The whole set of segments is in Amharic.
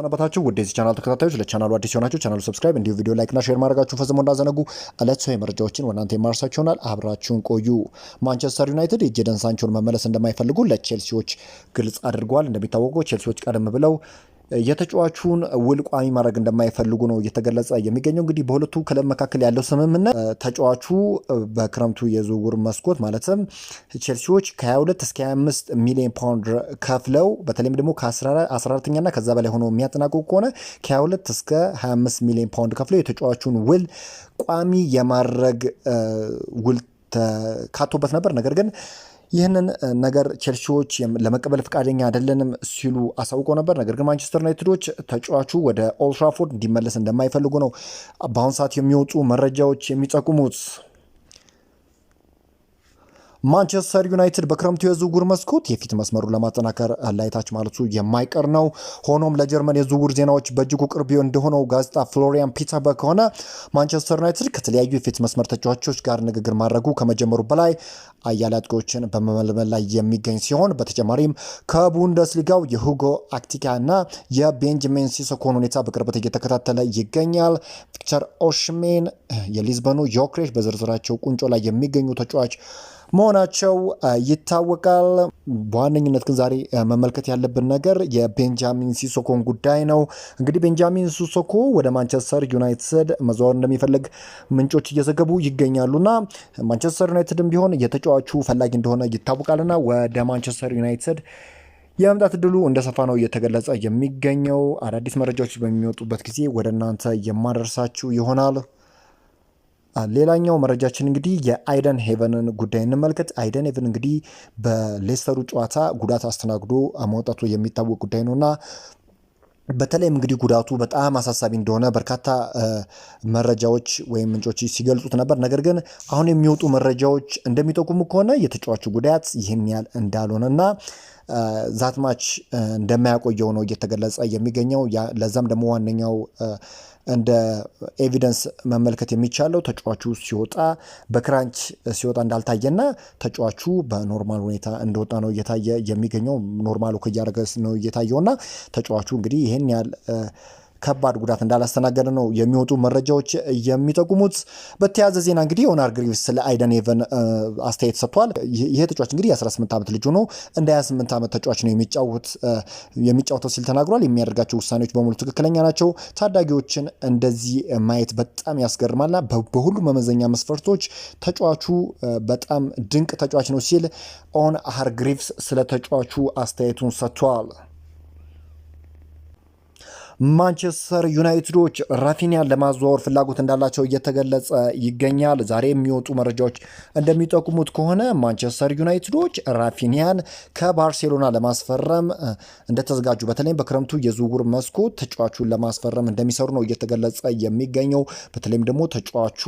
ሰናበታችሁ ውድ የዚህ ቻናል ተከታታዮች፣ ለቻናሉ አዲስ የሆናችሁ ቻናሉ ሰብስክራይብ፣ እንዲሁ ቪዲዮ እና ሼር ማድረጋችሁ ፈጽሞ እንዳዘነጉ። እለት ሰው መረጃዎችን ወናንተ የማርሳችሁ ይሆናል። አብራችሁን ቆዩ። ማንቸስተር ዩናይትድ የጄደን ሳንቾን መመለስ እንደማይፈልጉ ለቼልሲዎች ግልጽ አድርጓል። እንደሚታወቀው ቼልሲዎች ቀደም ብለው የተጫዋቹን ውል ቋሚ ማድረግ እንደማይፈልጉ ነው እየተገለጸ የሚገኘው። እንግዲህ በሁለቱ ክለብ መካከል ያለው ስምምነት ተጫዋቹ በክረምቱ የዝውውር መስኮት ማለትም ቼልሲዎች ከ22 እስከ 25 ሚሊዮን ፓውንድ ከፍለው በተለይም ደግሞ ከ14ኛና ከዛ በላይ ሆኖ የሚያጠናቅቁ ከሆነ ከ22 እስከ 25 ሚሊዮን ፓውንድ ከፍለው የተጫዋቹን ውል ቋሚ የማድረግ ውል ተካቶበት ነበር ነገር ግን ይህንን ነገር ቸልሲዎች ለመቀበል ፈቃደኛ አይደለንም ሲሉ አሳውቀው ነበር። ነገር ግን ማንቸስተር ዩናይትዶች ተጫዋቹ ወደ ኦልትራፎርድ እንዲመለስ እንደማይፈልጉ ነው በአሁኑ ሰዓት የሚወጡ መረጃዎች የሚጠቁሙት። ማንቸስተር ዩናይትድ በክረምቱ የዝውውር መስኮት የፊት መስመሩ ለማጠናከር ላይታች ማለቱ የማይቀር ነው። ሆኖም ለጀርመን የዝውውር ዜናዎች በእጅጉ ቅርብ እንደሆነው ጋዜጣ ፍሎሪያን ፒተርበር ከሆነ ማንቸስተር ዩናይትድ ከተለያዩ የፊት መስመር ተጫዋቾች ጋር ንግግር ማድረጉ ከመጀመሩ በላይ አያሌ አጥቂዎችን በመመልመል ላይ የሚገኝ ሲሆን በተጨማሪም ከቡንደስሊጋው የሁጎ አክቲካ እና የቤንጃሚን ሲሶኮን ሁኔታ በቅርበት እየተከታተለ ይገኛል። ቪክተር ኦሽሜን፣ የሊዝበኑ ዮክሬሽ በዝርዝራቸው ቁንጮ ላይ የሚገኙ ተጫዋች መሆናቸው ይታወቃል። በዋነኝነት ግን ዛሬ መመልከት ያለብን ነገር የቤንጃሚን ሲሶኮን ጉዳይ ነው። እንግዲህ ቤንጃሚን ሲሶኮ ወደ ማንቸስተር ዩናይትድ መዘዋወር እንደሚፈልግ ምንጮች እየዘገቡ ይገኛሉና ማንቸስተር ዩናይትድም ቢሆን የተጫዋቹ ፈላጊ እንደሆነ ይታወቃልና ወደ ማንቸስተር ዩናይትድ የመምጣት እድሉ እንደሰፋ ነው እየተገለጸ የሚገኘው። አዳዲስ መረጃዎች በሚወጡበት ጊዜ ወደ እናንተ የማደርሳችሁ ይሆናል። ሌላኛው መረጃችን እንግዲህ የአይደን ሄቨንን ጉዳይ እንመልከት። አይደን ሄቨን እንግዲህ በሌስተሩ ጨዋታ ጉዳት አስተናግዶ መውጣቱ የሚታወቅ ጉዳይ ነውና በተለይም እንግዲህ ጉዳቱ በጣም አሳሳቢ እንደሆነ በርካታ መረጃዎች ወይም ምንጮች ሲገልጹት ነበር። ነገር ግን አሁን የሚወጡ መረጃዎች እንደሚጠቁሙ ከሆነ የተጫዋቹ ጉዳት ይህን ያህል እንዳልሆነ እና ዛትማች እንደማያቆየው ነው እየተገለጸ የሚገኘው። ለዛም ደግሞ ዋነኛው እንደ ኤቪደንስ መመልከት የሚቻለው ተጫዋቹ ሲወጣ በክራንች ሲወጣ እንዳልታየና ተጫዋቹ በኖርማል ሁኔታ እንደወጣ ነው እየታየ የሚገኘው። ኖርማሉ ወክ እያደረገ ነው እየታየውና ተጫዋቹ እንግዲህ ይህን ያህል ከባድ ጉዳት እንዳላስተናገደ ነው የሚወጡ መረጃዎች የሚጠቁሙት። በተያያዘ ዜና እንግዲህ ኦናር ግሪቭስ ስለ አይደን ኤቨን አስተያየት ሰጥቷል። ይሄ ተጫዋች እንግዲህ የ18 ዓመት ልጅ ሆኖ እንደ 28 ዓመት ተጫዋች ነው የሚጫወተው ሲል ተናግሯል። የሚያደርጋቸው ውሳኔዎች በሙሉ ትክክለኛ ናቸው። ታዳጊዎችን እንደዚህ ማየት በጣም ያስገርማልና በሁሉ መመዘኛ መስፈርቶች ተጫዋቹ በጣም ድንቅ ተጫዋች ነው ሲል ኦን ግሪቭስ ስለ ተጫዋቹ አስተያየቱን ሰጥቷል። ማንቸስተር ዩናይትዶች ራፊኒያን ለማዘዋወር ፍላጎት እንዳላቸው እየተገለጸ ይገኛል። ዛሬ የሚወጡ መረጃዎች እንደሚጠቁሙት ከሆነ ማንቸስተር ዩናይትዶች ራፊኒያን ከባርሴሎና ለማስፈረም እንደተዘጋጁ በተለይም በክረምቱ የዝውውር መስኮት ተጫዋቹን ለማስፈረም እንደሚሰሩ ነው እየተገለጸ የሚገኘው። በተለይም ደግሞ ተጫዋቹ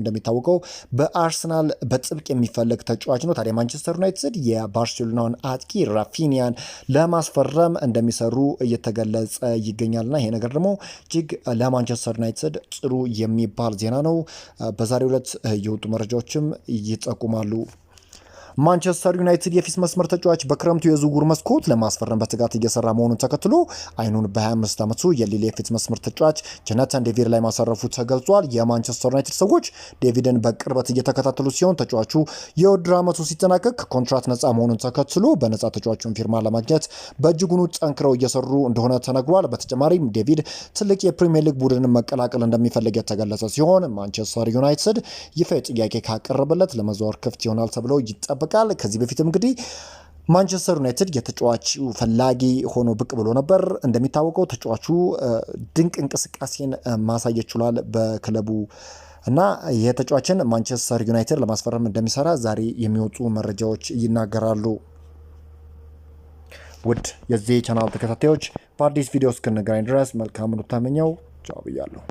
እንደሚታወቀው በአርሰናል በጥብቅ የሚፈለግ ተጫዋች ነው። ታዲያ ማንቸስተር ዩናይትድ የባርሴሎናውን አጥቂ ራፊኒያን ለማስፈረም እንደሚሰሩ እየተገለጸ ይገኛል። ና ይሄ ነገር ደግሞ እጅግ ለማንቸስተር ዩናይትድ ጥሩ የሚባል ዜና ነው። በዛሬው ዕለት የወጡ መረጃዎችም ይጠቁማሉ። ማንቸስተር ዩናይትድ የፊት መስመር ተጫዋች በክረምቱ የዝውውር መስኮት ለማስፈረም በትጋት እየሰራ መሆኑን ተከትሎ አይኑን በ25 ዓመቱ የሊል የፊት መስመር ተጫዋች ጀናታን ዴቪድ ላይ ማሳረፉ ተገልጿል። የማንቸስተር ዩናይትድ ሰዎች ዴቪድን በቅርበት እየተከታተሉ ሲሆን ተጫዋቹ የውድድር ዓመቱ ሲጠናቀቅ ኮንትራት ነጻ መሆኑን ተከትሎ በነጻ ተጫዋቹን ፊርማ ለማግኘት በእጅጉኑ ጠንክረው እየሰሩ እንደሆነ ተነግሯል። በተጨማሪም ዴቪድ ትልቅ የፕሪሚየር ሊግ ቡድንን መቀላቀል እንደሚፈልግ የተገለጸ ሲሆን ማንቸስተር ዩናይትድ ይፋ ጥያቄ ካቀረበለት ለመዘዋወር ክፍት ይሆናል ተብሎ ይጠበቃል። ይጠበቃል። ከዚህ በፊትም እንግዲህ ማንቸስተር ዩናይትድ የተጫዋቹ ፈላጊ ሆኖ ብቅ ብሎ ነበር። እንደሚታወቀው ተጫዋቹ ድንቅ እንቅስቃሴን ማሳየት ችሏል በክለቡ እና የተጫዋችን ማንቸስተር ዩናይትድ ለማስፈረም እንደሚሰራ ዛሬ የሚወጡ መረጃዎች ይናገራሉ። ውድ የዚህ ቻናል ተከታታዮች በአዲስ ቪዲዮ እስክንገናኝ ድረስ መልካም ኑ ተመኘው። ቻው ብያለሁ።